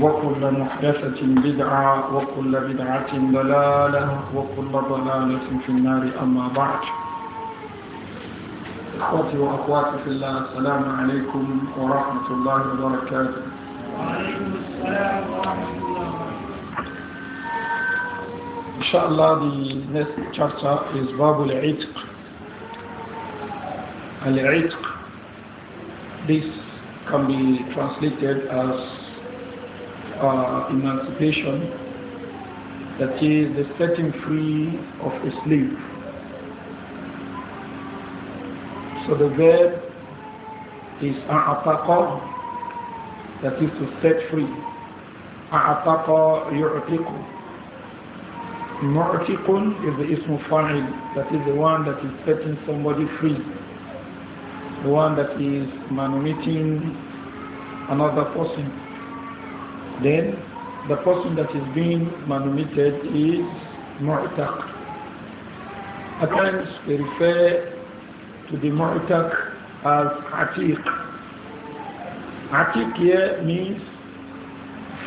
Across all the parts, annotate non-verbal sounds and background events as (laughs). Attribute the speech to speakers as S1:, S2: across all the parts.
S1: وكل محدثة بدعة وكل بدعة ضلالة وكل ضلالة في النار أما بعد إخوتي وأخواتي في الله السلام عليكم ورحمة الله وبركاته وعليكم السلام
S2: ورحمة الله وبركاته
S1: إن شاء الله the next chapter is باب العتق العتق this can be translated as uh, emancipation, that is the setting free of a slave. So the verb is a'ataqa, that is to set free. A'ataqa yu'tiqu. Mu'tiqun is the ism fa'il, that is the one that is setting somebody free. The one that is manumitting another person then the person that is being manumitted is mu'taq. At times they refer to the mu'taq as atiq. Atiq here means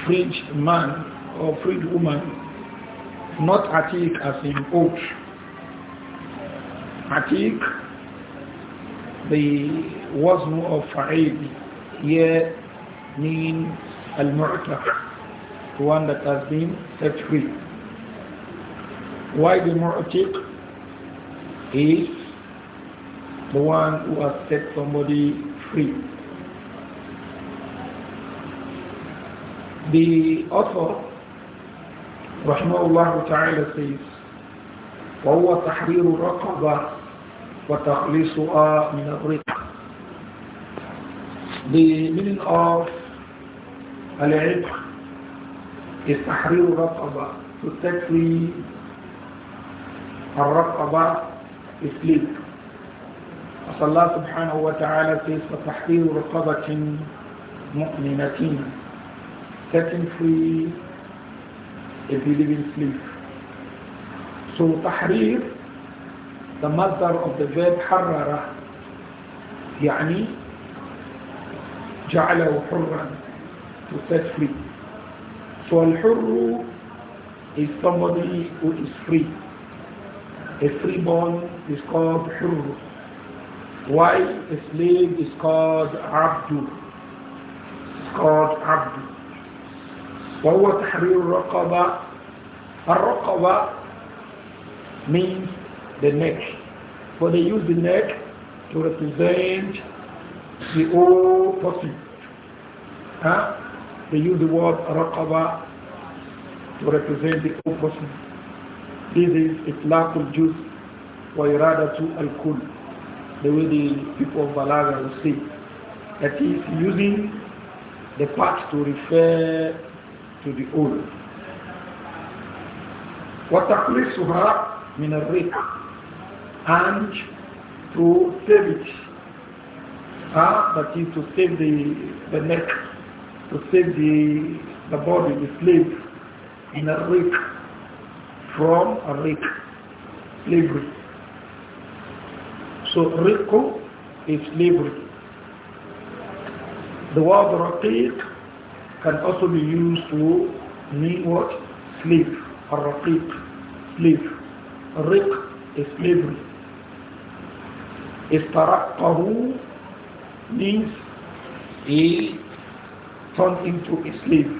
S1: freed man or freed woman, not atiq as in oath. Atiq, the wasnu of fa'id here means al-mu'taq, one that has been set free. Why the mu'taq is the one who has set somebody free. The author, rahmahullah ta'ala, says, وهو تحرير الرقبة وتخليصها من الرق. The meaning of العتق يستحرير الرقبة تستكفي الرقبة إسليك أصلى الله سبحانه وتعالى في تحرير رقبة مؤمنة setting free a believing slave. So the mother of the verb حرره يعني جعله حرا to set free. So Al-Hurru is somebody who is free. A freeborn is called Hurru. Why a slave is called Abdu. It's called Abdu. وهو تحرير الرقبة الرقبة means the neck but they use the neck to represent the whole person huh? They use the word raqaba to represent the whole person. This is itlaqul juz wa iradatu al kul The way the people of Balaga will say. That is using the part to refer to the whole. وَتَقْلِصُهَا مِنَ الرِّقْ And to save it. Ah, that is to save the, the neck to save the, the body, the slave, in a rake, from a rake, slavery. So riku is slavery. The word raqiq can also be used to mean what? Slave, or raqiq, slave. Riq is slavery. Istaraqahu means he turned into a slave.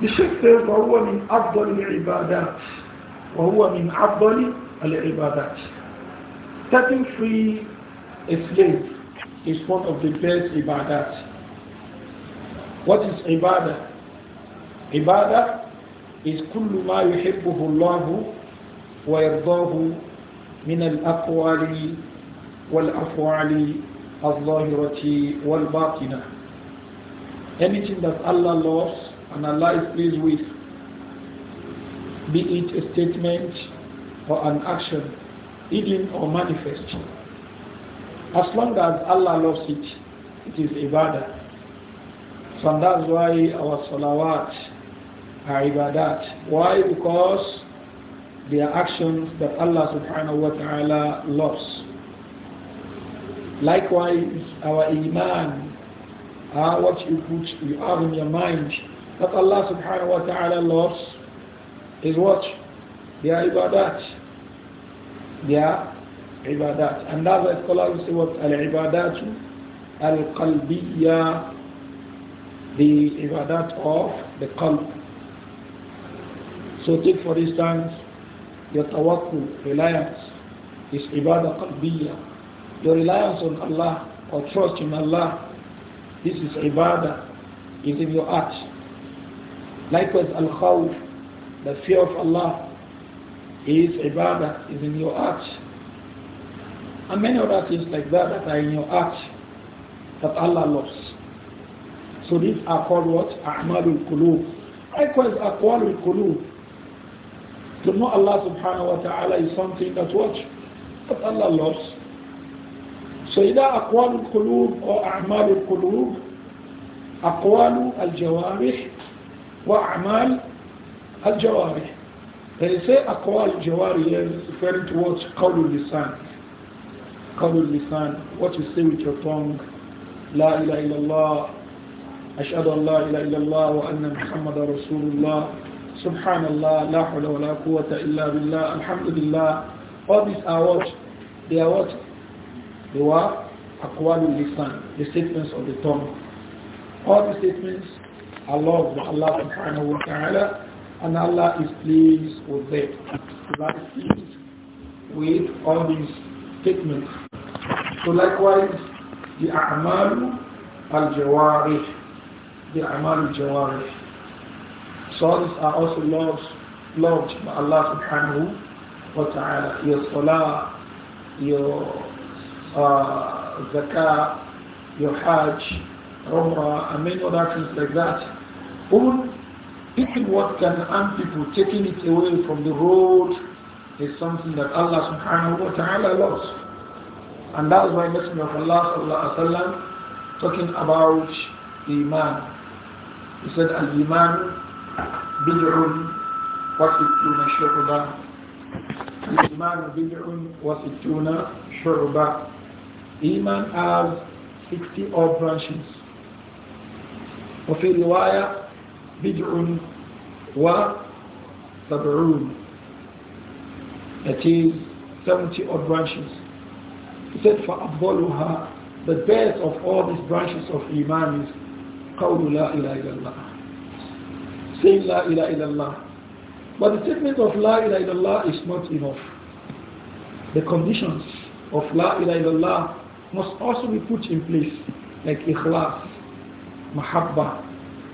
S1: The Sheikh says, وهو من أفضل العبادات وهو من أفضل العبادات Setting free a slave is one of the best ibadat. What is ibadah? Ibadah is كل ما يحبه الله ويرضاه من الأقوال والأفعال anything that Allah loves and Allah is pleased with be it a statement or an action hidden or manifest as long as Allah loves it it is ibadah so that's why our salawat are ibadat why because they are actions that Allah subhanahu wa ta'ala loves Likewise, our iman, uh, what you put, you have in your mind, that Allah subhanahu wa ta'ala loves is what? are ibadat. are ibadat. And that's why scholars say what? Al-ibadatu al-qalbiyya. The ibadat of the qalb. So take for instance, your tawakkul, reliance, is ibadah qalbiyah. Your reliance on Allah or trust in Allah, this is ibadah, is in your heart. Likewise, al-khawf, the fear of Allah, is ibadah, is in your heart. And many other things like that that are in your heart that Allah loves. So these are called what? A'malul qulub. Likewise, aqwalul qulub. To know Allah subhanahu wa ta'ala is something that what? That Allah loves. سيدا أقوال القلوب وأعمال القلوب أقوال الجوارح وأعمال الجوارح They say أقوال الجوارح referring to what قول اللسان قول اللسان what you say with your tongue لا إله إلا الله أشهد أن لا إله إلا الله وأن محمد رسول الله سبحان الله لا حول ولا قوة إلا بالله الحمد لله all these are what they are what They were akwalul lisan, the statements of the tongue. All the statements are loved by Allah subhanahu wa ta'ala and Allah is pleased with them. Allah is pleased with all these statements. So likewise, the a'mal al-jawarih, the a'mal al-jawarih. Sons are also loved, loved by Allah subhanahu wa ta'ala. Your salah, your uh, zakah, your hajj, umrah, and many other things like that. Even picking what can harm people, taking it away from the road, is something that Allah subhanahu wa ta'ala loves. And that is why Messenger of Allah sallallahu alayhi wa sallam talking about Iman. He said, Al-Iman bid'un wa shu'ba. Al-Iman bid'un wa shu'ba. Iman has 60 odd branches. وفي رواية بدع وسبعون that is 70 odd branches. He said, فَأَفْضَلُهَا The best of all these branches of Iman is قَوْلُ لَا إِلَهَ إِلَى اللَّهِ Saying لَا إِلَهَ اللَّهِ But the statement of La ilaha illallah is not enough. The conditions of La ilaha illallah must also be put in place, like ikhlas, mahabba.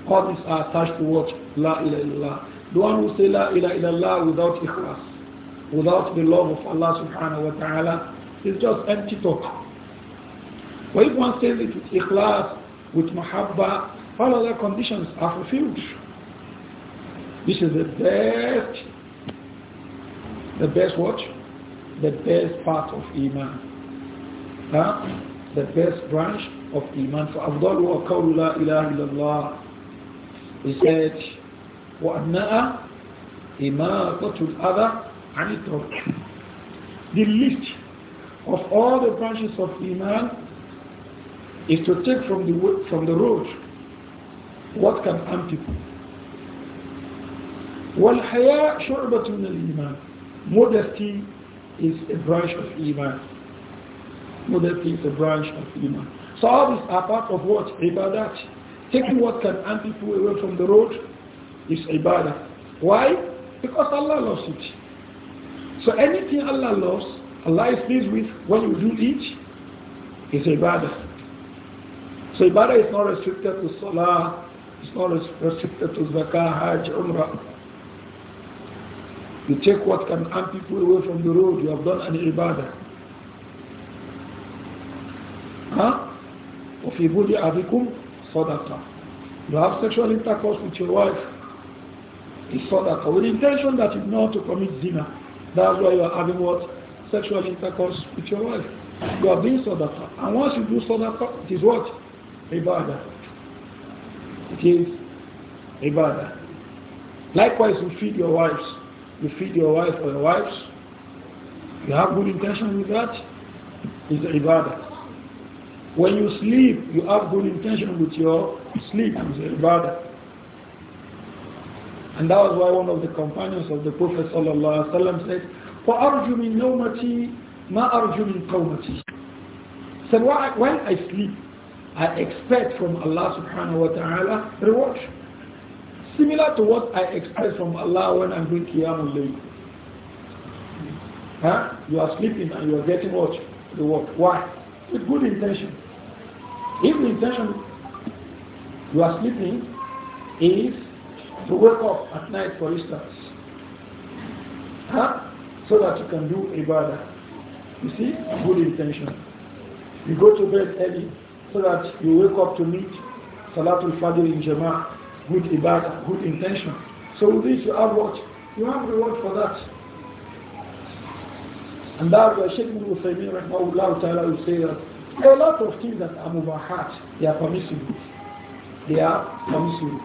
S1: All these are attached to what? La ilaha illallah. The one who say la ilaha illallah without ikhlas, without the love of Allah subhanahu wa ta'ala, is just empty talk. But if one says it with ikhlas, with mahabba, all other conditions are fulfilled. This is the best, the best what? The best part of Iman huh? the first branch of Iman. فَأَفْضَلُ وَقَوْلُ لَا إِلَهِ إِلَّا اللَّهِ He said, وَأَنَّأَ إِمَاطَةُ الْأَذَى عَنِ الطَّرِيقِ The list of all the branches of Iman is to take from the, from the road what can harm people. وَالْحَيَاءُ شُعْبَةٌ مِنَ الْإِيمَانِ Modesty is a branch of Iman. Modesty is a branch of Iman. So all these are part of what? Ibadat. Taking what can hand people away from the road is Ibadah. Why? Because Allah loves it. So anything Allah loves, Allah is pleased with, when you do it, is Ibadah. So Ibadah is not restricted to Salah, it's not restricted to Zakah, Hajj, Umrah. You take what can hand people away from the road, you have done an Ibadah huh? وفي بُدْءِ أَبِكُمْ صَدَقَةً You have sexual intercourse with your wife. It's صدقة. With the intention that you know to commit zina. That's why you are having what? Sexual intercourse with your wife. You are being صدقة. And once you do صدقة, it is what? Ibadah. It is ibadah. Likewise, you feed your wives. You feed your wife or your wives. You have good intention with that. It's ibadah. When you sleep, you have good intention with your sleep, with And that was why one of the companions of the Prophet ﷺ said, فَأَرْجُ min نَوْمَتِي ma arju min قَوْمَتِي Said, when I sleep, I expect from Allah subhanahu wa ta'ala reward. Similar to what I expect from Allah when I'm doing Qiyamul Layl. Huh? You are sleeping and you are getting what? The what? Why? with good intention. If the intention you are sleeping is to wake up at night, for instance, huh? so that you can do ibadah. You see, good intention. You go to bed early so that you wake up to meet Salatul Fajr in Jama'ah, good ibadah, good intention. So with this you have what? You have reward for that. And that's why Sheikh Ibn Uthaymeen rahmahullah ta'ala will say that there are a lot of things that are mubahat, they are permissible. They are permissible.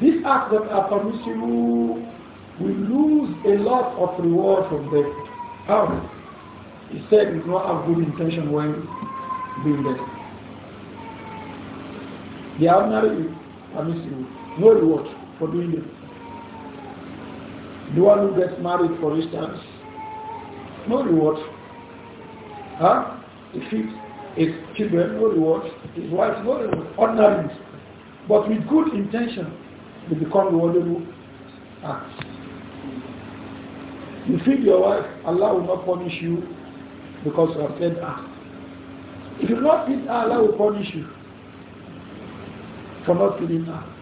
S1: These acts that are permissible, we lose a lot of reward from them. How? He said we do not have good intention when doing them. They are ordinary permissible. No reward for doing them. The one who gets married, for instance, no reward. Huh? He if children, no reward. His wife, no reward. Ordinary. But with good intention, they become rewardable acts. Ah. You feed your wife, Allah will not punish you because you have fed her. Ah. If you not feed her, Allah will punish you for not feeding her.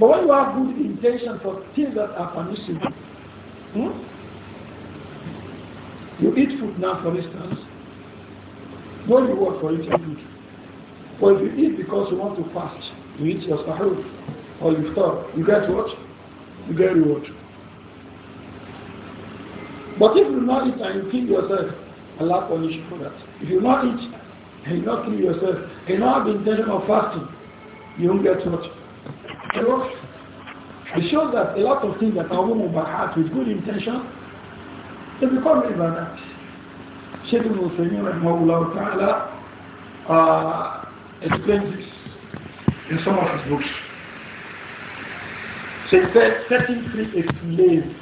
S1: But when you have good intention for things that are punishable. hmm? You eat food now, for instance, you want for eating food. Well, if you eat because you want to fast, you eat your sahur or you stop, you get what? You get reward. But if you not eat and you kill yourself, Allah punish you for that. If you not eat and you not kill yourself, and you not have the intention of fasting, you don't get much. it shows that a lot of things that are women by heart with good intention they become ibadat. Shaykh ibn Uthaymeen rahimahullah ta'ala uh, explains this in some of his books. he said, setting free a slave,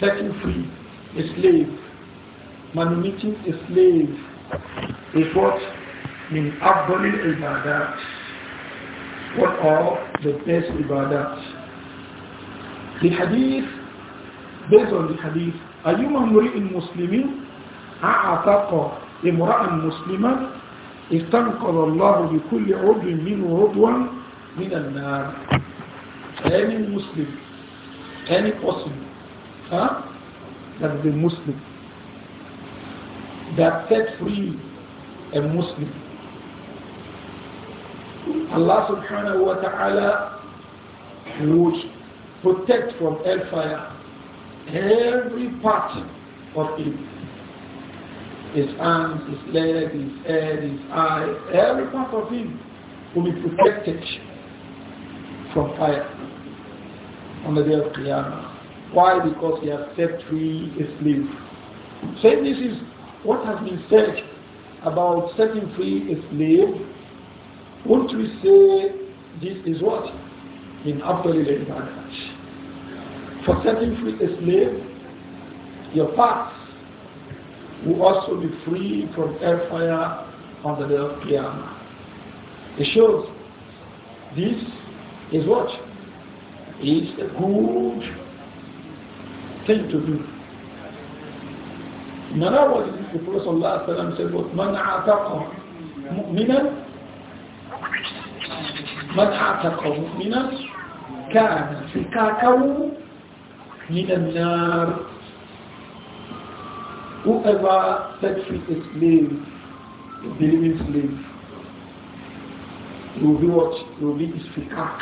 S1: setting free a slave, manumitting a slave is what min afdalil ibadat. What are the best ibadat? The hadith, based on the hadith أيما امرئ مسلم أعتق امرأة مسلمة استنقذ الله بكل عضو منه عضوا من النار any Muslim any person huh? that is a Muslim that set free a Muslim Allah subhanahu wa ta'ala would protect from hellfire every part of him His arms, his legs, his head, his eye, every part of him will be protected from fire on the day of Qiyamah. Why? Because he has set free a slave. So this is what has been said about setting free a slave, won't we say this is what? In Abdul Ibadat for setting free a slave, your parts will also be free from hellfire on the day of Qiyamah. It shows this is what is a good thing to do. In other words, the Prophet ﷺ said, what, man ataqa mu'minan, man ataqa mu'minan, كان فكاكه من النار whoever sets free a slave, a believing slave, will be what? will be his fikak.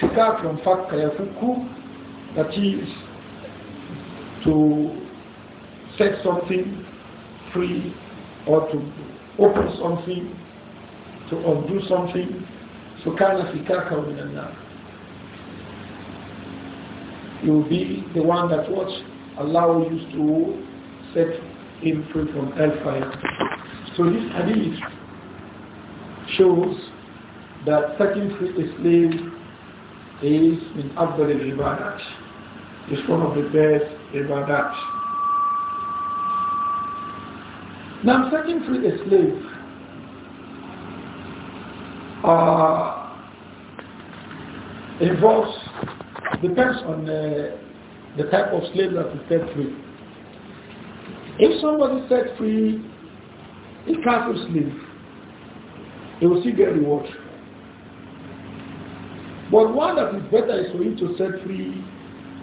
S1: Fikak from fak kayafuku, that is to set something free or to open something, to undo something. So kana fikaka will be he will be the one that what Allah will use to set him free from hellfire. So this hadith shows that setting free a slave is in Abdul Ibadat. It's one of the best Ibadat. Now setting free a slave uh, involves Depends on the, uh, the type of slave that is set free. If somebody is set free a cattle slave, he will still get reward. But one that is better is for him to set free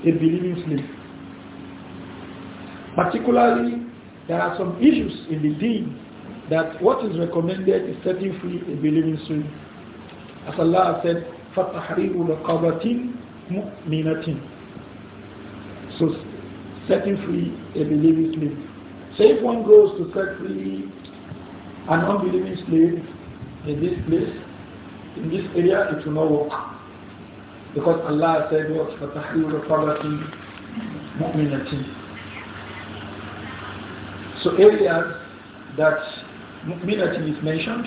S1: a believing slave. Particularly, there are some issues in the deen that what is recommended is setting free a believing slave. As Allah said, فَتَحْرِيرُ لَقَبَةٍ mu'minatin. So setting free a believing slave. So if one goes to set free an unbelieving slave in this place, in this area, it will not work. Because Allah said, what? فَتَحْلُوا رَقَبَةٍ So areas that mu'minatin is mentioned,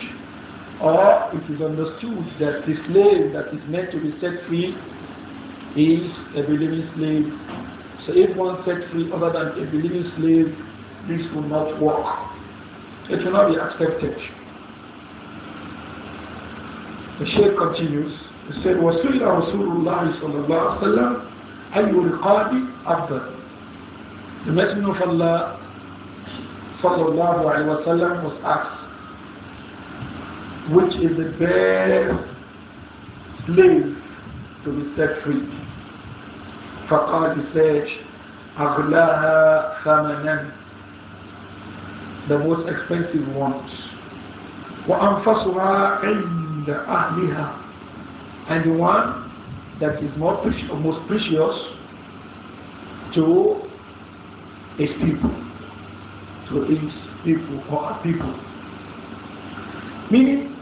S1: or it is understood that the slave that is meant to be set free is a believing slave. So if one set free other than a believing slave, this will not work. It will not be accepted. The Shaykh continues. He said, وَسُئِلَ رَسُولُ اللَّهِ صَلَى اللَّهُ عَلَيْهِ وَسَلَّمَ أَيُّ الْقَادِ أَفْضَلُ The Messenger of Allah صلى الله عليه وسلم was asked, which is the best slave to be set free? فقال said أغلاها ثمنا the most expensive ones وأنفسها عند أهلها and the one that is more precious, most precious to his people to his people or people meaning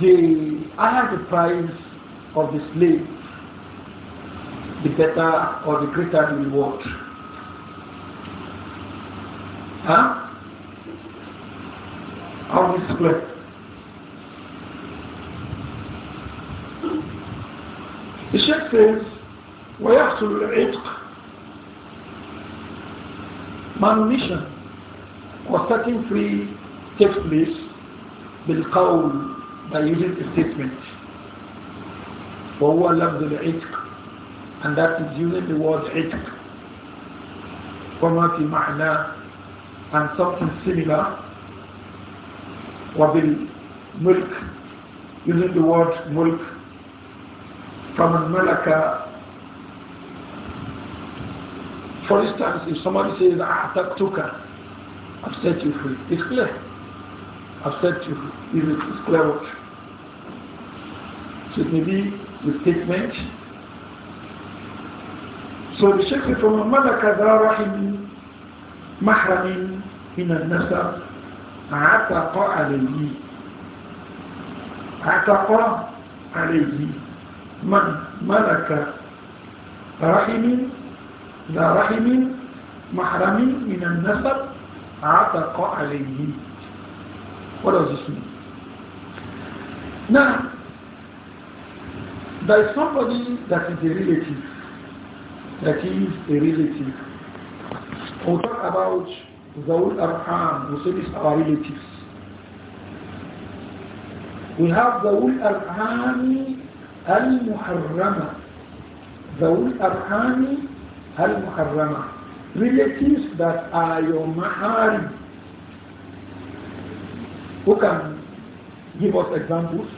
S1: the I the price of the slave the better or the greater the reward. Huh? How we square? The Sheikh says, ويحصل العتق manumission or setting free takes place بالقول by using a statement وهو لفظ العتق and that is using the word itq وما في and something similar milk using the word mulk كمن "malaka." for instance if somebody says أعتقتك I've set you free it's clear I've set you free it's clear so it may be the statement So the Sheikh said, فَمَنْ مَلَكَ ذَا رَحِمٍ مَحْرَمٍ مِنَ النَّسَبِ عَتَقَ عَلَيْهِ عَتَقَ عليه من ملك رحم لا رحم محرم من النسب عتق عليه ولا جسم Now, there is somebody that is a relative that is a relative. We'll talk about Zawul Arham, We say it's our relatives. We have Zawul Arham Al-Muharrama. Zawul Arham Al-Muharrama. Relatives that are your mahari. Who can give us examples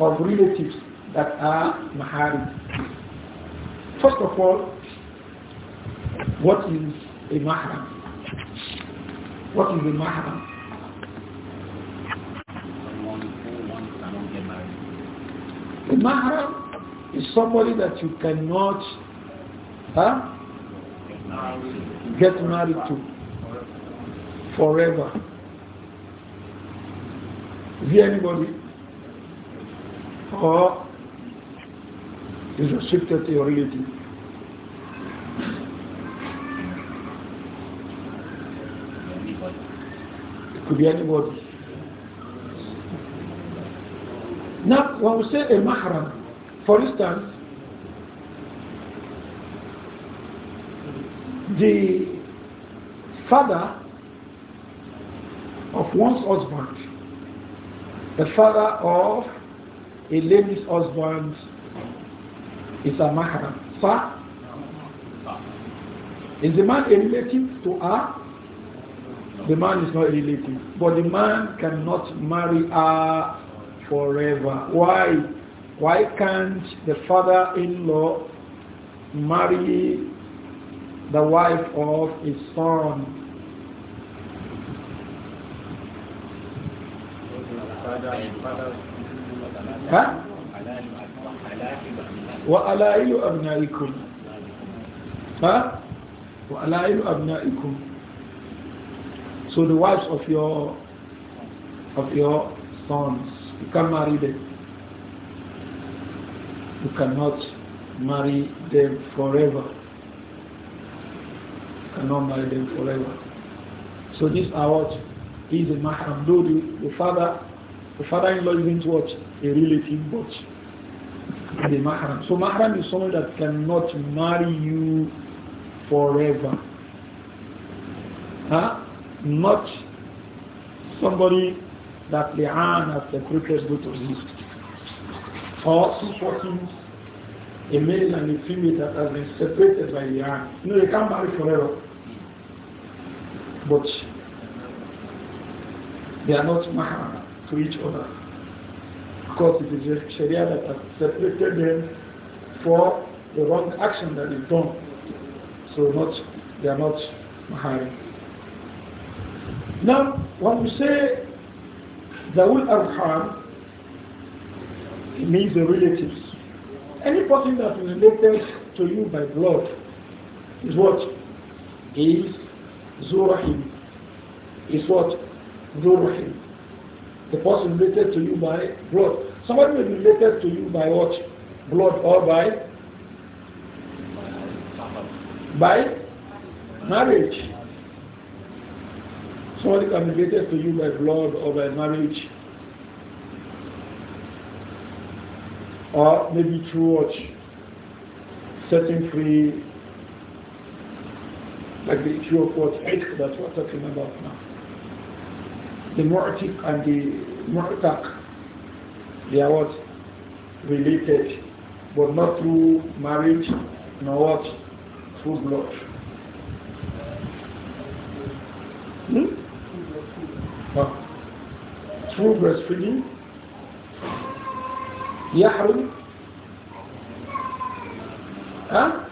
S1: of relatives that are mahari? First of all, what is a mahram? What is a mahram? A mahram is somebody that you cannot huh, get married to forever. Is there anybody? Or is a to your relative. It could be anybody. Now, when we say a mahram, for instance, the father of one's husband, the father of a lady's husband, is a mahram. Sir? Is the man a relative to her? The man is not a relative. But the man cannot marry her forever. Why? Why can't the father-in-law marry the wife of his son? Huh? وألائل أبنائكم ها وألائل أبنائكم so the wives of your of your sons you can marry them you cannot marry them forever you cannot marry them forever so this award what is a mahram do the, the father the father-in-law isn't what a relative but the mahram. So mahram is someone that cannot marry you forever. Huh? Not somebody that the hand has recruited go to him. Or two persons, a male and a female that has been separated by the hand. No, they can't marry forever. But they are not mahram to each other because it is Sharia that has separated them for the wrong action that is done. So not they are not mahari. Now, when we say Zawul Arham, it means the relatives. Any person that is related to you by blood is what? Is Zurahim. Is what? Zurahim. The person related to you by blood. Somebody may be related to you by what? Blood or by? By marriage. Somebody can be related to you by blood or by marriage. Or maybe through what? Setting free, like the issue of what? That's what I'm talking about now the mu'tik and the mu'tak, they are what? Related, but not through marriage, nor what? Through blood. Hmm? blood, Through breastfeeding, يحرم ها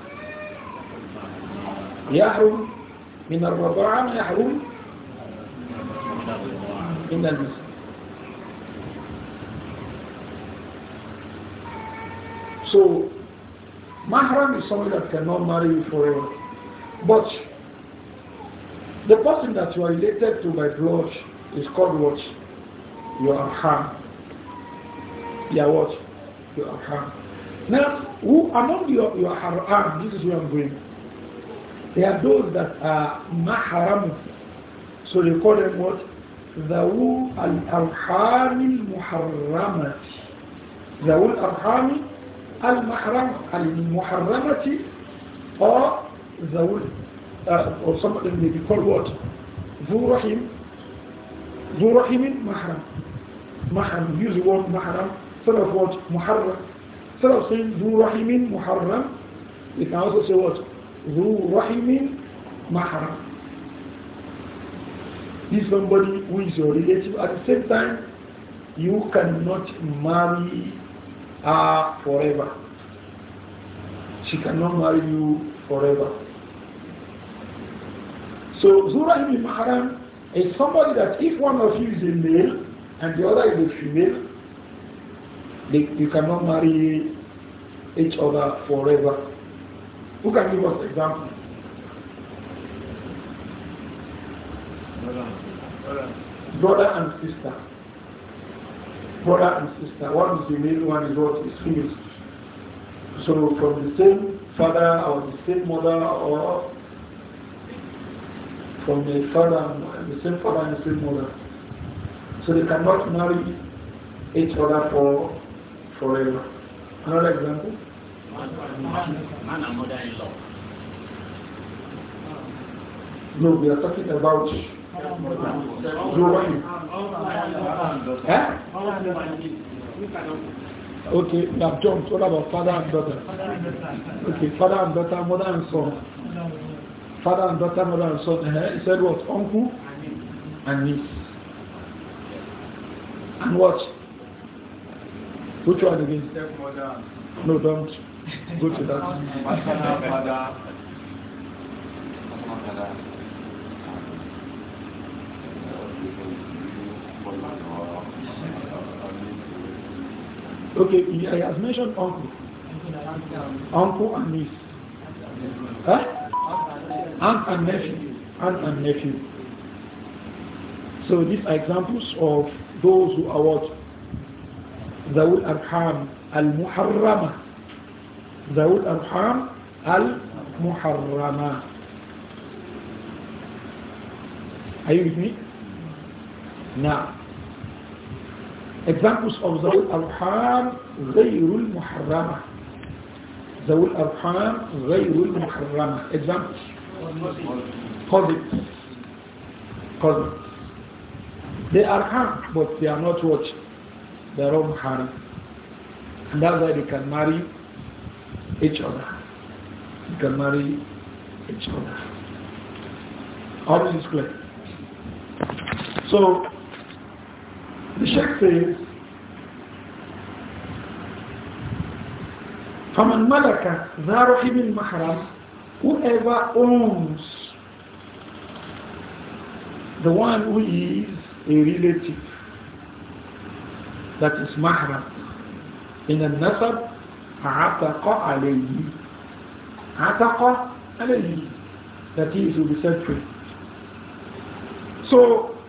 S1: يحرم من الرضاعة يحرم so, mahram is someone that cannot marry you forever. But the person that you are related to by blood is called what? Your haram. Yeah, what? Your haram. Now, who among your, your haram, this is where I'm going. There are those that are mahram. So they call them what? ذو الأرحام المحرمة ذو الأرحام المحرمة المحرمة أو ذو أو آه، or اللي بيقول وات what ذو رحم ذو رحم محرم محرم use the word محرم instead of what محرم instead of saying ذو رحم محرم you can also say what ذو رحم محرم Is somebody who is your relative. At the same time, you cannot marry her forever. She cannot marry you forever. So Zura ibn Mahram is somebody that if one of you is a male and the other is a female, they, you cannot marry each other forever. Who can give us example?
S2: Brother
S1: and sister. Brother and sister. One is the male, one is what is finished. So from the same father or the same mother or from the father the same father and the same mother. So they cannot marry each other for forever. Another example?
S2: Man and mother-in-law.
S1: No, we are talking about Zoro is. Eh? Okay, we have jumped. What about father and daughter? Okay, father and daughter, mother and son. Father and daughter, mother and son. Eh? He said what? Uncle and niece. And what? Which one again? No, don't. Go to that. (laughs) Okay, he, have has mentioned uncle. Uncle and niece. Huh? Aunt and nephew. Aunt and nephew. So these are examples of those who are what? Zawul Arham al-Muharrama. Zawul Arham al-Muharrama. Are you with me? Now. Examples of Zawul Arham, Ghayrul Muharrama. Zawul Arham, Ghayrul Muharrama. Examples. Qadid. Qadid. They are harm, but they are not what? They are not harm. And that's why they can marry each other. They can marry each other. All this is clear. So, The فَمَنْ مَلَكَ ذَا رَحِمِ الْمَحْرَمِ Whoever owns the one who is a relative, that is mahram, in النسب عَتَقَ عَلَيْهِ عَتَقَ عَلَيْهِ That is, will be set free. So,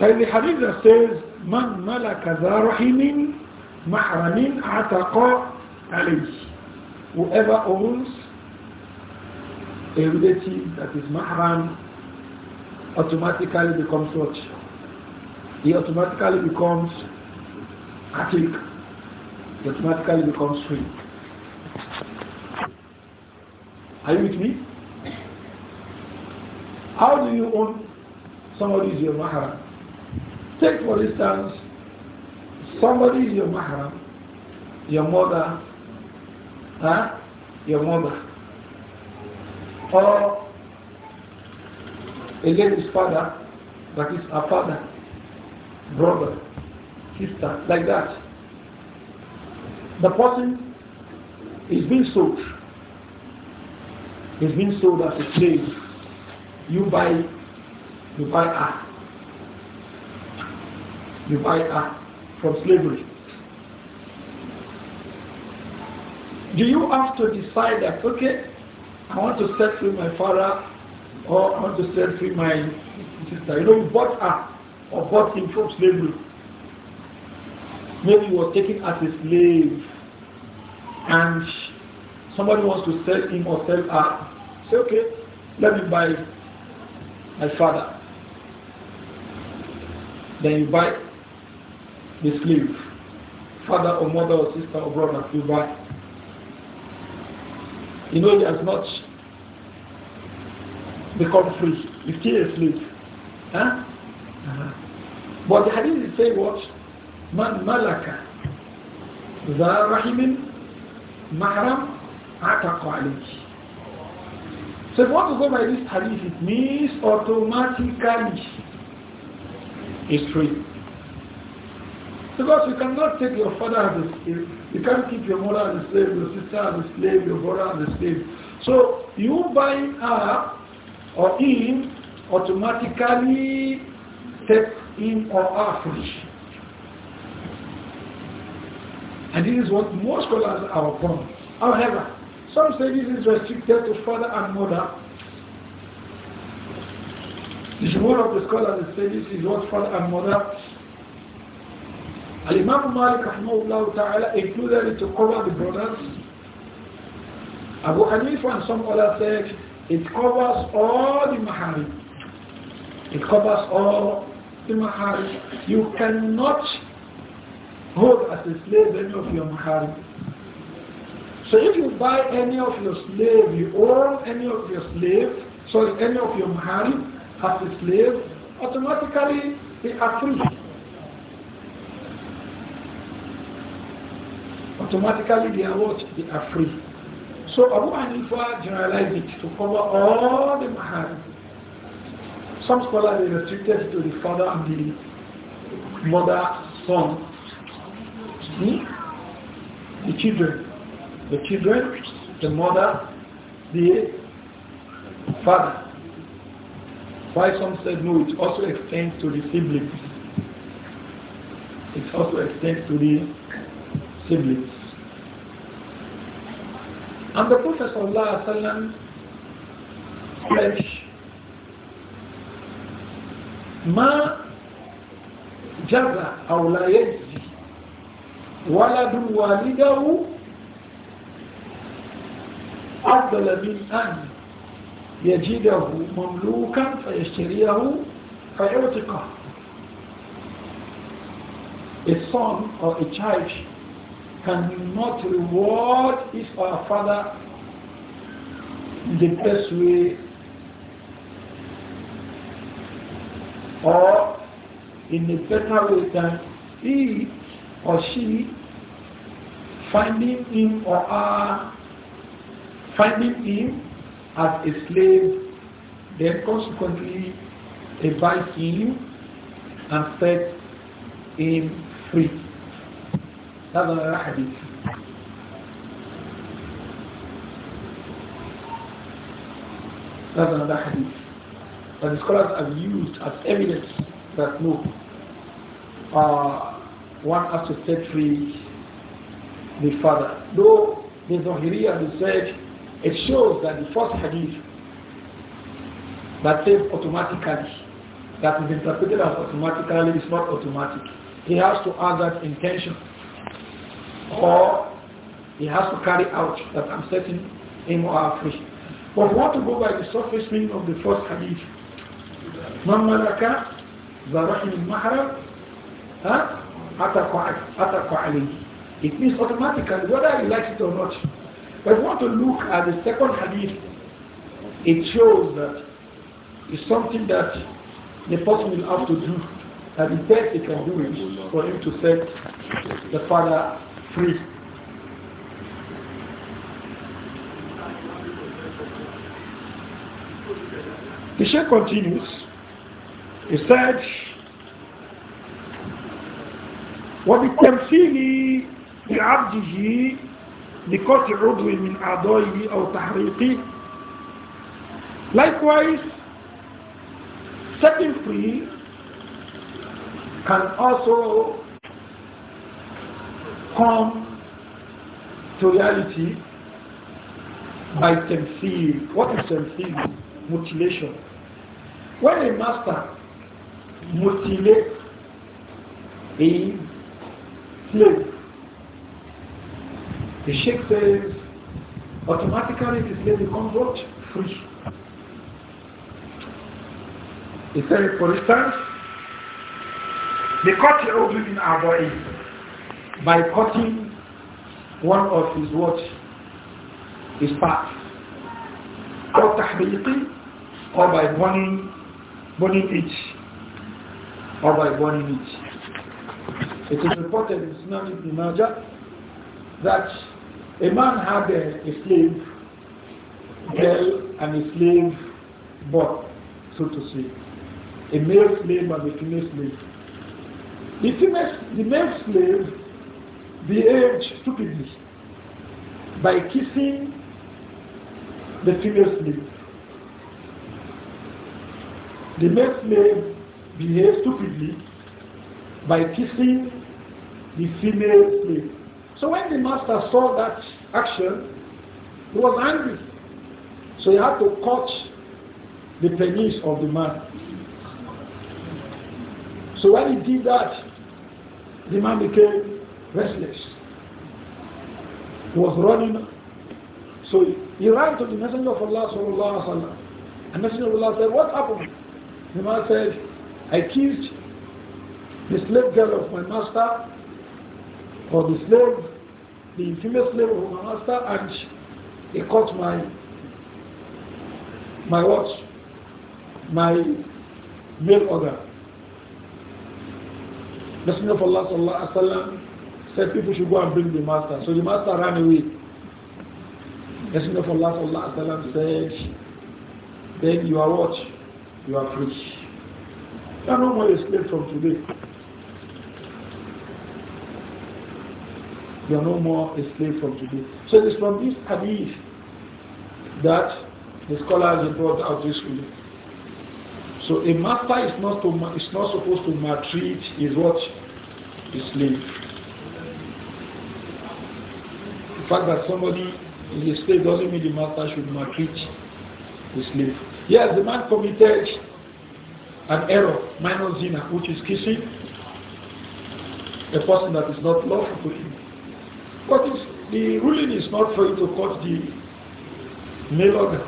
S1: There is the hadith that says, Man malaka rahimin mahramin ataqa alayhi. Whoever owns a relative that is mahram automatically becomes what? He automatically becomes atik. He automatically becomes free. Are you with me? How do you own somebody's your mahram? Take for instance, somebody is your mahram, your mother, huh? your mother, or a lady's father, that is a father, brother, sister, like that. The person is being sold. Is being sold as a slave. You buy, you buy at buy up from slavery. Do you have to decide that, okay, I want to set free my father or I want to set free my sister? You know, you bought her or bought him from slavery. Maybe you were taken as a slave and somebody wants to sell him or sell her. Say, okay, let me buy my father. Then you buy the slave, father or mother or sister or brother you buy. You know as much not become free. He's still a slave. Huh? Uh -huh. But the hadith is say what? Man malaka za rahimin mahram ataqa So if you want to go by this hadith, it means automatically it's free. Because you cannot take your father as a slave, you can't keep your mother as a slave, your sister as a slave, your brother as a slave. So you buying her or him automatically take him or free. And this is what most scholars are upon. However, some say this is restricted to father and mother. This is one of the scholars that say this is what father and mother Al-Imam Malik rahmahullah ta'ala included it to cover the brothers. Abu Hanifa and some others said it covers all the mahari. It covers all the mahari. You cannot hold as a slave any of your mahari. So if you buy any of your slave, you own any of your slave, sorry, any of your mahari as a slave, automatically they are free. automatically they are They are free. So Abu Hanifa generalized it to cover all the maharim. Some scholars restricted to the father and the mother, son. Hmm? The children. The children, the mother, the father. Why some said no, it also extends to the siblings. It also extends to the siblings. And the Prophet sallam flesh ما جرى أو لا يجزي ولد والده أفضل من أن يجده مملوكا فيشتريه فيعتقه. A son or a child cannot reward if our father in the best way or in a better way than he or she finding him or her finding him as a slave then consequently advise him and set him free. هذا حديث That's another hadith. That the scholars have used as evidence that no, uh, one has to set free the father. Though the Zahiriya research, it shows that the first hadith that says automatically, that is interpreted as automatically, is not automatic. He has to add that intention or he has to carry out that I'm setting him or her free. But we want to go by the surface meaning of the first hadith. من ملك ذا رحم المحرم أتق It means automatically whether he likes it or not. But we want to look at the second hadith. It shows that it's something that the person will have to do. That he says he can do it for him to set the father free. The Sheikh continues. He said, وبالتمثيل بعبده بقطع عضو من أعضائه أو تحريقه Likewise, setting free can also come to reality by tamthil. What is tamthil? Mutilation. When a master mutilates a slave, the sheikh says, automatically the slave becomes what? Free. He said, for instance, the cut will be in our body by cutting one of his watch, his part, or tahbiqi, or by burning, burning it, or by burning it. It is reported in Sunan Ibn Majah that a man had a, a slave girl and a slave boy, so to say, a male slave and a female slave. The, female, the male slave behaved stupidly by kissing the female slave. The male may behave stupidly by kissing the female slave. So when the master saw that action, he was angry. So he had to cut the penis of the man. So when he did that, the man became restless. He was running. So he ran to the Messenger of Allah sallallahu alaihi wasallam. The Messenger of Allah said, "What happened?" The man said, "I kissed the slave girl of my master, or the slave, the infamous slave of my master, and he caught my my watch, my mail order." Messenger of Allah sallallahu alaihi wasallam said people should go and bring the master. So the master ran away. Messenger of Allah sallallahu alaihi wasallam said, then you are what? You are free. You are no more a slave from today. You are no more a slave from today. So it is from this hadith that the scholars have brought out this rule. So a master is not to, is not supposed to maltreat his watch, His slave. The fact that somebody in the state doesn't mean the master should reach the slave. Yes, the man committed an error, minor zina, which is kissing a person that is not lawful to him. But the ruling is not for you to cut the male organ.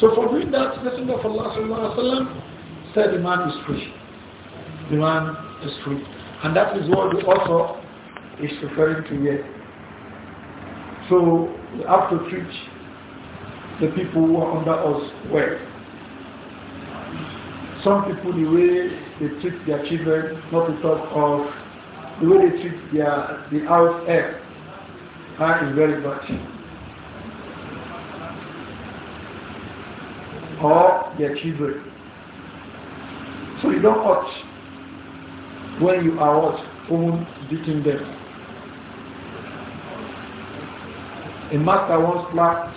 S1: So for doing that, Messenger of Allah sallallahu said the man is free. The man is free. And that is what the author is referring to here. So we have to treat the people who are under us well. Some people, the way they treat their children, not to talk of the way they treat their the house help, I is very bad. Or their children. So you don't hurt when you are what? Own beating them. A master once slapped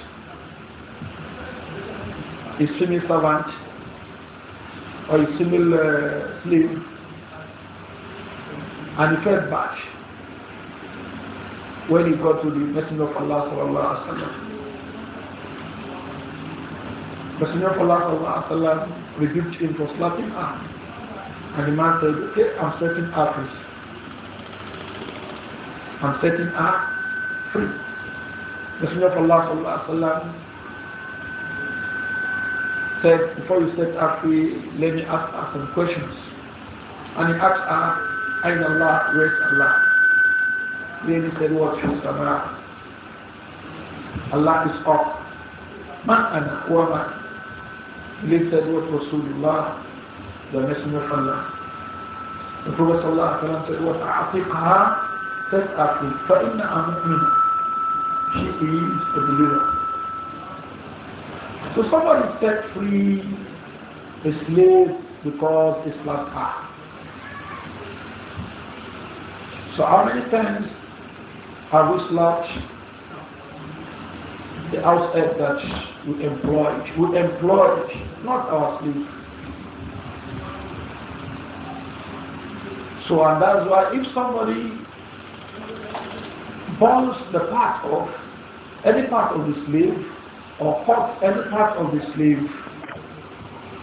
S1: his female servant or his female uh, slave and he felt bad when he got to the Messenger of Allah sallallahu alaihi wasallam. Messenger of Allah sallallahu alaihi wasallam rebuked him for slapping her and the man said, okay, I'm setting her free. I'm setting her free. Messenger of Allah sallallahu alaihi said, before you set up, let me ask her some questions. And he asked her, Ayn Allah, where is Allah? Then he said, what is Allah? Allah is up. Ma ana wa Then he said, what was Rasulullah, the Messenger of Allah. The Prophet sallallahu alaihi wasallam said, what a'atiqha, set up, fa inna she is a believer. So somebody set free a slave because it's not hard. So how many times have we slapped the outside that we employed? We employed, not our slave. So and that's why if somebody bonds the part of any part of the slave or cut any part of the slave,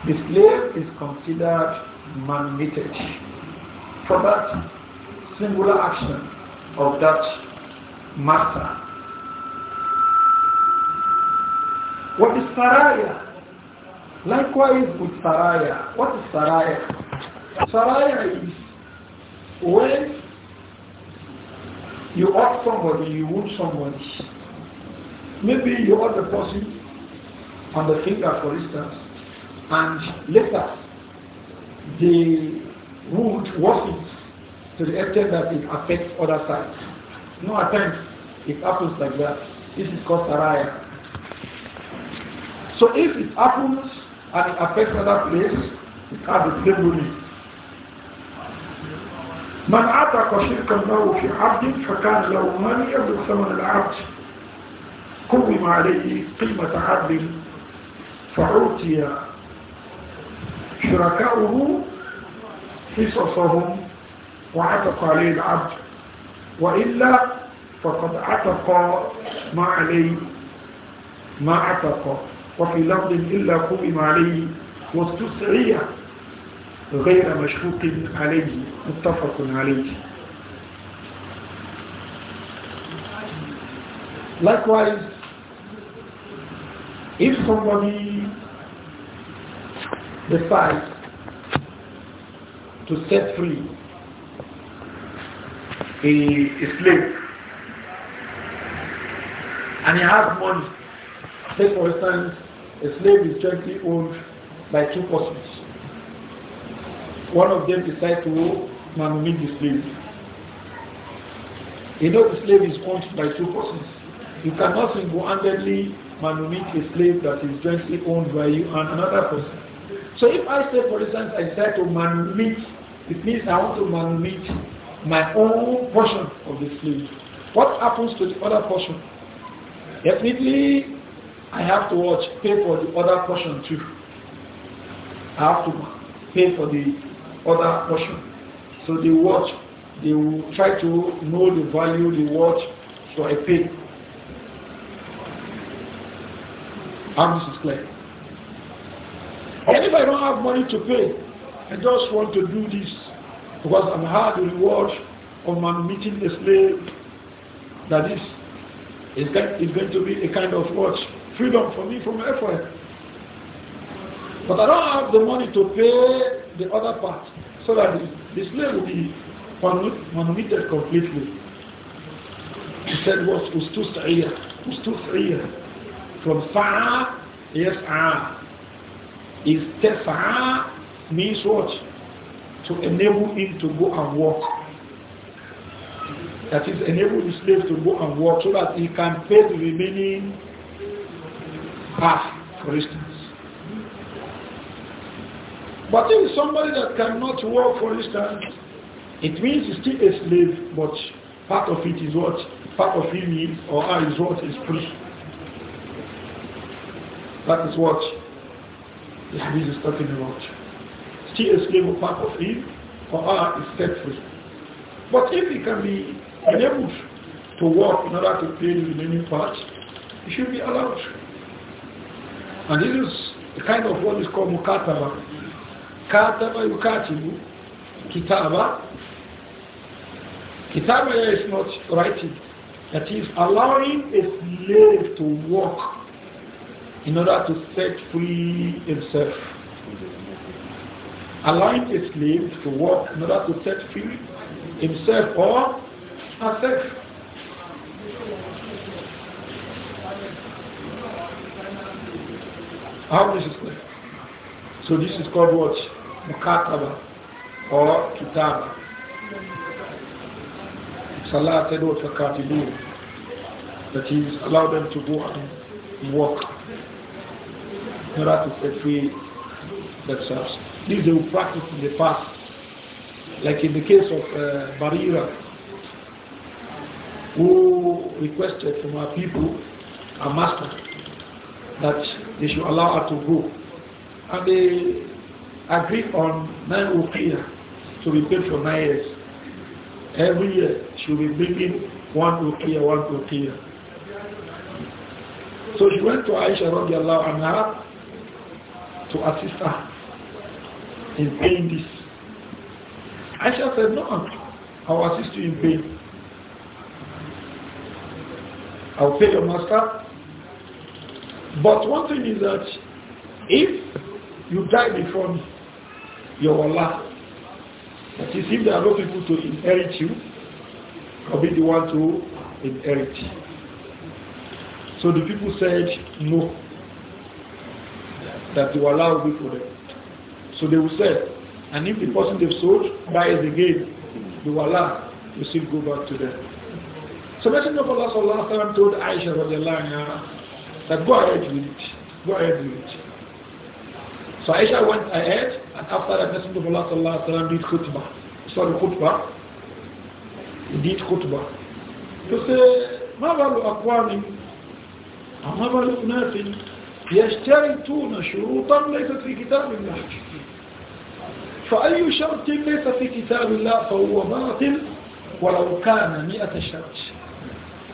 S1: the slave is considered manumitted for that singular action of that master. What is saraya? Likewise with saraya. What is saraya? Saraya is when you ask somebody, you wound somebody. Maybe you are the person on the finger, for instance, and later the wood worsens to the extent that it affects other sides. No attempt. It happens like that. This is called saraya. So if it happens and it affects other place, it has the same ruling. من أعطى شركا له في عبد فكان له بثمن العبد قوم عليه قيمة عدل فأعطي شركاؤه حصصهم وعتق عليه العبد وإلا فقد عتق ما عليه ما عتق وفي لفظ إلا قوم عليه واستسعي غير مشكوك عليه متفق عليه Likewise, if somebody decides to set free a, a slave and he has money, say for instance, a slave is jointly owned by two persons. One of them decides to manumit the slave. You know the slave is owned by two persons. You cannot single-handedly manumit a slave that is jointly owned by you and another person. So if I say, for instance, I decide to manumit, it means I want to manumit my own portion of the slave. What happens to the other portion? Definitely, I have to watch, pay for the other portion too. I have to pay for the other portion. So they watch, they will try to know the value they watch, so I pay. hope this is clear. And if I don't have money to pay, I just want to do this because I'm hard to reward of my meeting the slave that is is going to be a kind of what freedom for me from effort. But I don't have the money to pay the other part so that the, the slave will be manumitted completely. He said what was tusta'iyah, was tusta'iyah. From far, yes, ah. Is tefa'a means what? To enable him to go and work. That is, enable the slave to go and work so that he can pay the remaining half, for instance. But if somebody that cannot work, for instance, it means he's still a slave, but part of it is what? Part of him is, or is what is free. That is what the hadith is talking about. Still a slave of part of him, for Allah is set free. But if he can be enabled to work in order to pay the remaining part, he should be allowed. And this is the kind of what is called mukataba. Kataba yukatibu, kitaba. Kitaba is not writing. That is allowing a slave to work in order to set free himself. Allowing his slave to work in order to set free himself or herself. How this is clear? So this is called what? Mukataba or Kitaba. Salah said what Fakatibu. That is allow them to go and work in order to set free themselves. This they will practice in the past, like in the case of uh, Barira, who requested from our people, our master, that they should allow her to go. And they agreed on nine rupiah to be paid for nine years. Every year she will be bringing one rupiah, one rupiah. So she went to Aisha and now to assist her in paying this. Aisha said, no, I'll assist you in paying. I'll pay your master. But one thing is that if you die before me, your Allah, that is if there are no people to inherit you, I'll be the one to inherit you. So the people said, no, that you allow will be for them. So they will sell. And if the person they've sold buys again, the wala will still go back to them. So Messenger of Allah sallallahu alayhi wa told Aisha anha, that go ahead with it. Go ahead with it. So Aisha went ahead and after that Messenger of Allah sallallahu alayhi wa did khutbah. Sorry, khutbah. He did khutbah. To say, ما بال أقوام أما بال nothing. يشترطون شروطا ليست في كتاب الله فأي شرط ليس في كتاب الله فهو باطل ولو كان مئة شرط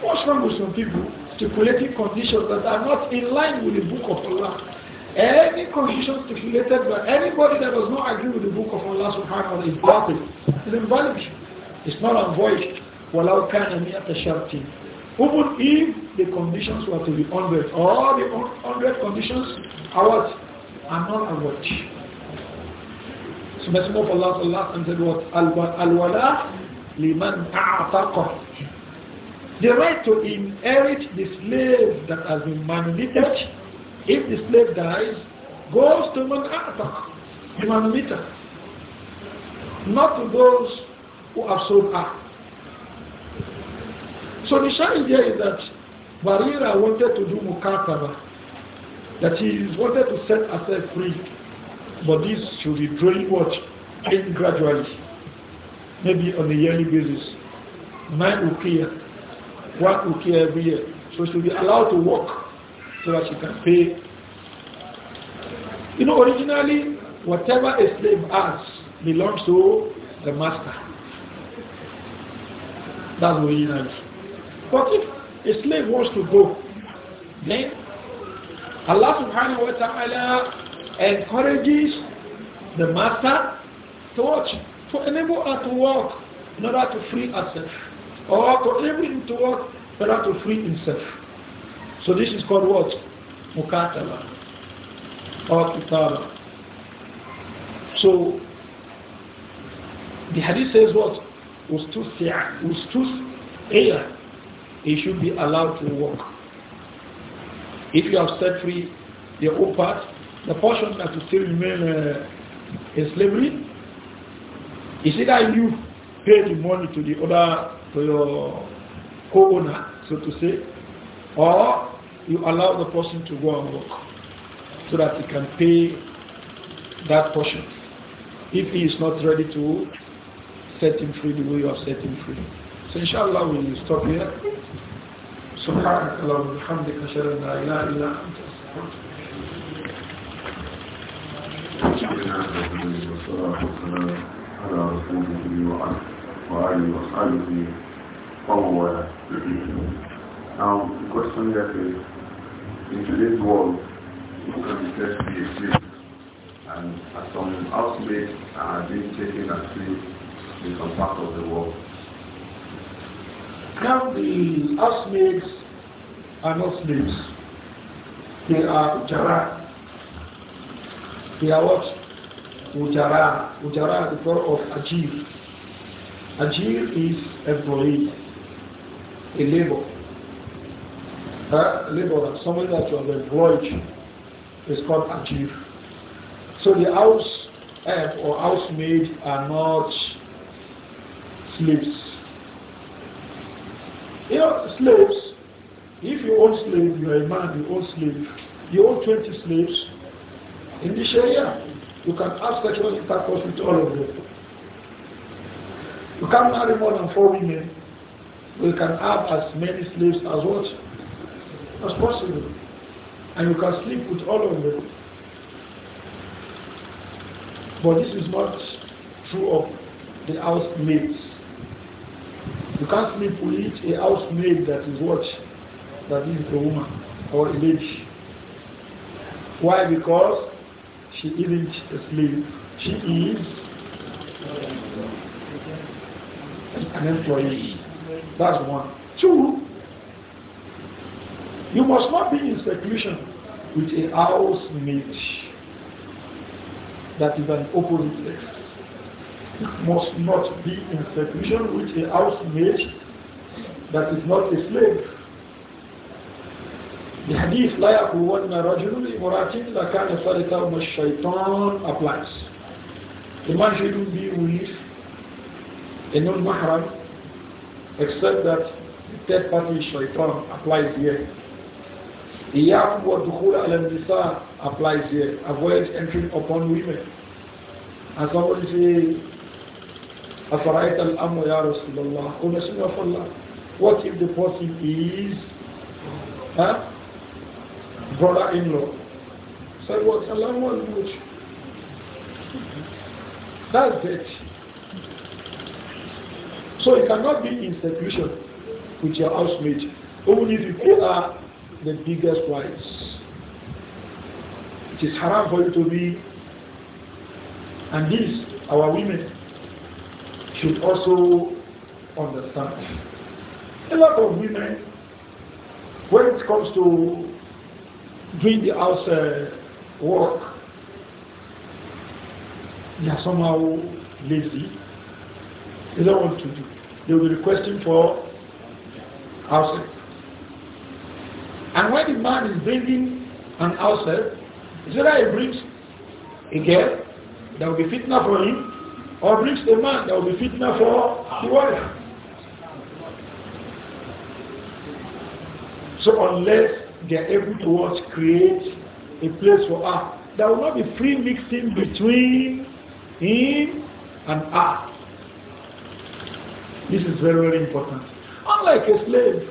S1: What's wrong with some people stipulating conditions that are not in line with the book of Allah? Any condition stipulated by anybody that does not agree with the book of Allah subhanahu wa ta'ala is batil. It's invalid. It's not a void. ولو كان مئة شرط Even if the conditions were to be 100, all the 100 conditions are what? Are non-average. So Messenger of Allah sallallahu and said what? Al-wala liman a'taqa. The right to inherit the slave that has been manumitted, if the slave dies, goes to man a'taq, the manumitter. Not to those who have sold her. So the idea here is that Barira wanted to do mukataba, that he wanted to set herself free, but this should be growing what? In gradually, maybe on a yearly basis. Nine ukiya, one ukiya every year. So she should be allowed to work so that she can pay. You know, originally, whatever a slave has belongs to the master. That's originally. But if a slave wants to go, then Allah subhanahu wa ta'ala encourages the master to watch, to enable her to work in order to free herself, or to enable him to work in order to free himself. So this is called what? Mukatala or Kitara. So the hadith says what? Ustus Ustus he should be allowed to work. If you have set free your own part, the portion that still remain uh, in slavery, is it that you pay the money to the other, to your co-owner, so to say, or you allow the person to go and work so that he can pay that portion if he is not ready to set him free the way you have set him free. So inshallah we'll stop here. سبحانك اللهم وبحمدك اشهد ان لا اله الا انت
S2: Um, the question that is, in this world, people can to be and some housemates are being taken as slaves in of the world. Now the housemaids
S1: are not slaves. They are ujara. They are what? Ujara. Ujara is the form of ajir. Ajir is employee, a labor. Uh, labor, somebody that you have employed is called ajir. So the house eh, or housemaid are not slaves. You know, slaves, if you own slaves, you are a man, you own slaves, you own 20 slaves, in the Sharia, you can have sexual intercourse with all of them. You can marry more than four women, you can have as many slaves as what? As possible. And you can sleep with all of them. But this is not true of the housemates. You can't sleep with a housemaid that is what? That is a woman or a lady. Why? Because she isn't a slave. She is an employee. That's one. Two, you must not be in seclusion with a housemaid that is an opposite sex must not be in seclusion with a housemaid that is not a slave. The hadith لا يقولن رجل لامرأة إلا كان فرتهم الشيطان applies. The man shouldn't be with a non-mahram except that the third party shaitan applies here. The والدخول على النساء applies here. Avoid entering upon women. As somebody say أَفَرَأَيْتَ الْأَمْرُ يَا رَسُولَ اللَّهِ O Messenger of what if the person is huh? brother-in-law? So what? Allah won't That's it. So it cannot be institution seclusion with your housemate, Only if you pay her the biggest price. It is haram for you to be. And these, our women, should also understand. A lot of women, when it comes to doing the house uh, work, they are somehow lazy. They don't want to do. They will be requesting for house help. And when the man is bringing an house help, is that he brings a girl, that will be enough for him, or brings a man that will be enough for the wife. So unless they are able to what, create a place for us, there will not be free mixing between him and us. This is very, very important. Unlike a slave,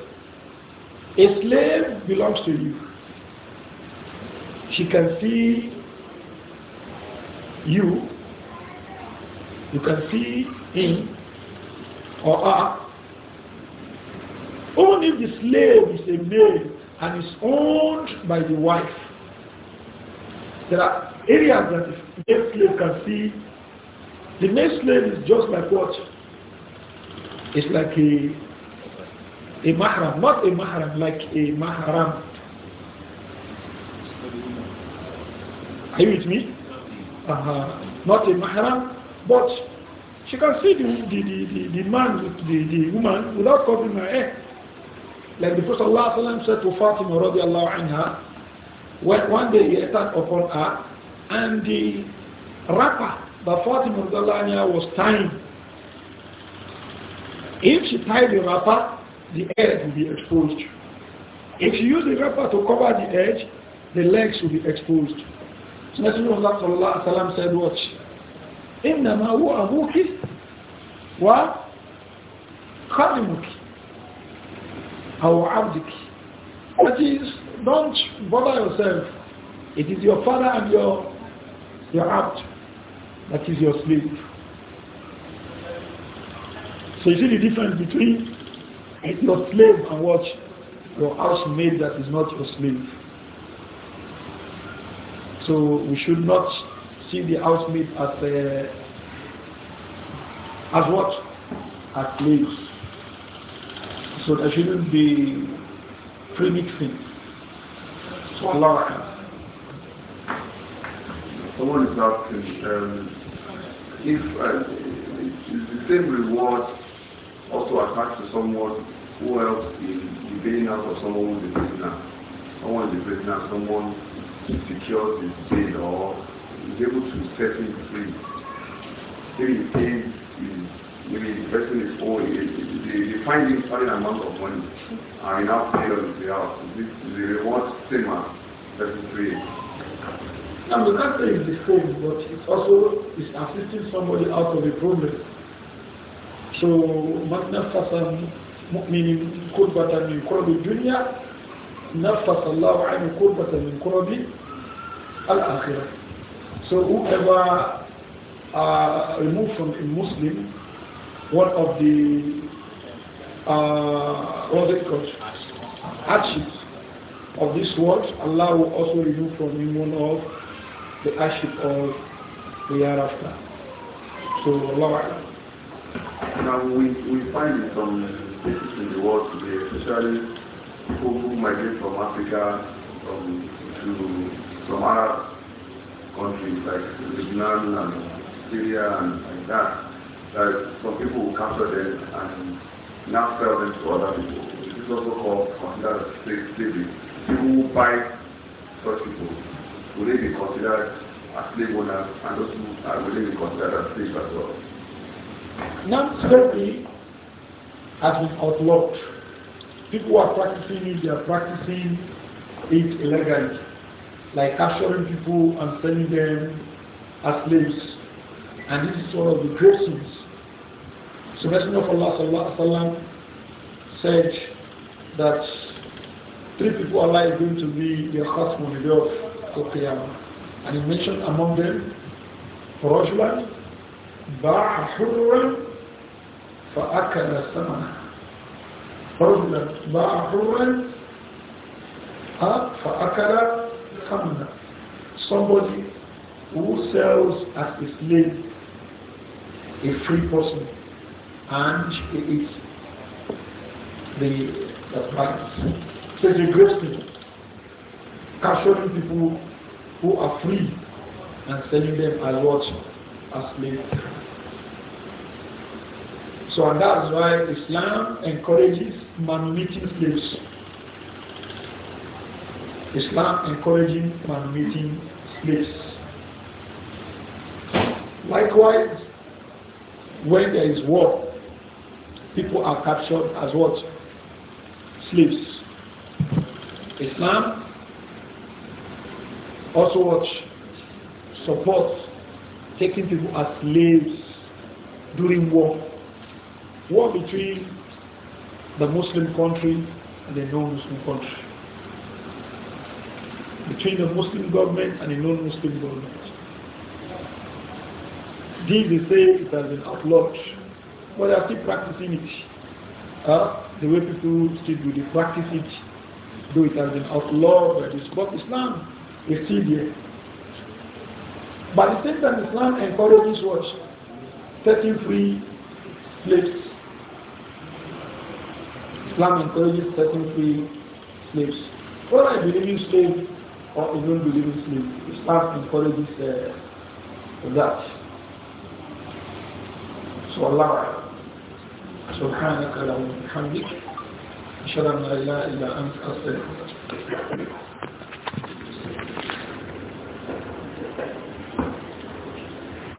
S1: a slave belongs to you. She can see you you can see him or her. only if the slave is a male and is owned by the wife, there are areas that the male slave can see. The male slave is just like what? It's like a a mahram, not a mahram, like a mahram. Are you with me? Uh -huh. Not a mahram, but she can see the, the, the, the, man with the, the woman without covering her head. Like the Prophet ﷺ said to Fatima radiallahu anha, when one day he attacked upon her, and the wrapper that Fatima radiallahu anha was tying, if she tied the wrapper, the head will be exposed. If you use the wrapper to cover the edge, the legs will be exposed. So Messenger of Allah said, Watch. إنما هو أبوك وخادمك أو عبدك That is, don't bother yourself. It is your father and your your apt. That is your slave. So you see the difference between your slave and what your housemaid that is not your slave. So we should not see the housemaid as uh, as what? As slaves. So there shouldn't be pre-mixing. So Allah.
S2: Someone is asking um, if uh, is the same reward also attached to someone who else is the out or someone who is the prisoner. Someone is the prisoner, someone secures his bail or is able to set him free. Maybe the pain is, maybe the person is old, they, they find him certain amount of money, and we now pay on his behalf. This is the reward same as person free.
S1: Now the doctor is the same, but it's also is assisting somebody out of a problem. So نفسا مؤمن كربة من كرب الدنيا نفس الله عنه كربة من al-akhirah. So whoever uh, removed from a Muslim one of the uh, what they call ashes of this world, Allah will also remove from him one of the ashes of the hereafter. So Allah.
S2: Now we, we find it from places in the world today, especially people who migrate from Africa from, to, from Arab countries like Lebanon and Syria and like that, that some people will capture them and now sell them to other people. This is also called considered slavery. People who buy such people, will they be considered as slave owners and also who are will they be considered as slaves as well?
S1: Now slavery has been outlawed. People who are practicing it, they are practicing it illegally. like capturing people and selling them as slaves. And this is one of the great sins. So Messenger of Allah sallallahu sallam, said that three people alive is going to be their khasm on the day of Qiyamah. And he mentioned among them رجلا باع حرا فأكل ثمنه رجلا باع حرا فأكل somebody who sells as a slave a free person and it's the, the says So it's a great thing. Capturing people who are free and selling them as much As slaves. So and that's why Islam encourages manumitting slaves. Islam encouraging meeting slaves. Likewise, when there is war, people are captured as what? Slaves. Islam also watch Supports taking people as slaves during war. War between the Muslim country and the non-Muslim country between a Muslim government and a non-Muslim government. These they say it has been outlawed, but they are still practicing it. Uh, the way people still do, they practice it, though it has been outlawed by this, but Islam is still there. But the same time, Islam encourages what? Setting free slaves. Islam encourages setting free slaves. What I believe in slaves or even believe in sleep. Islam encourages uh, that. So Allah سبحانك اللهم وبحمدك أشهد أن لا إله إلا أنت أستغفرك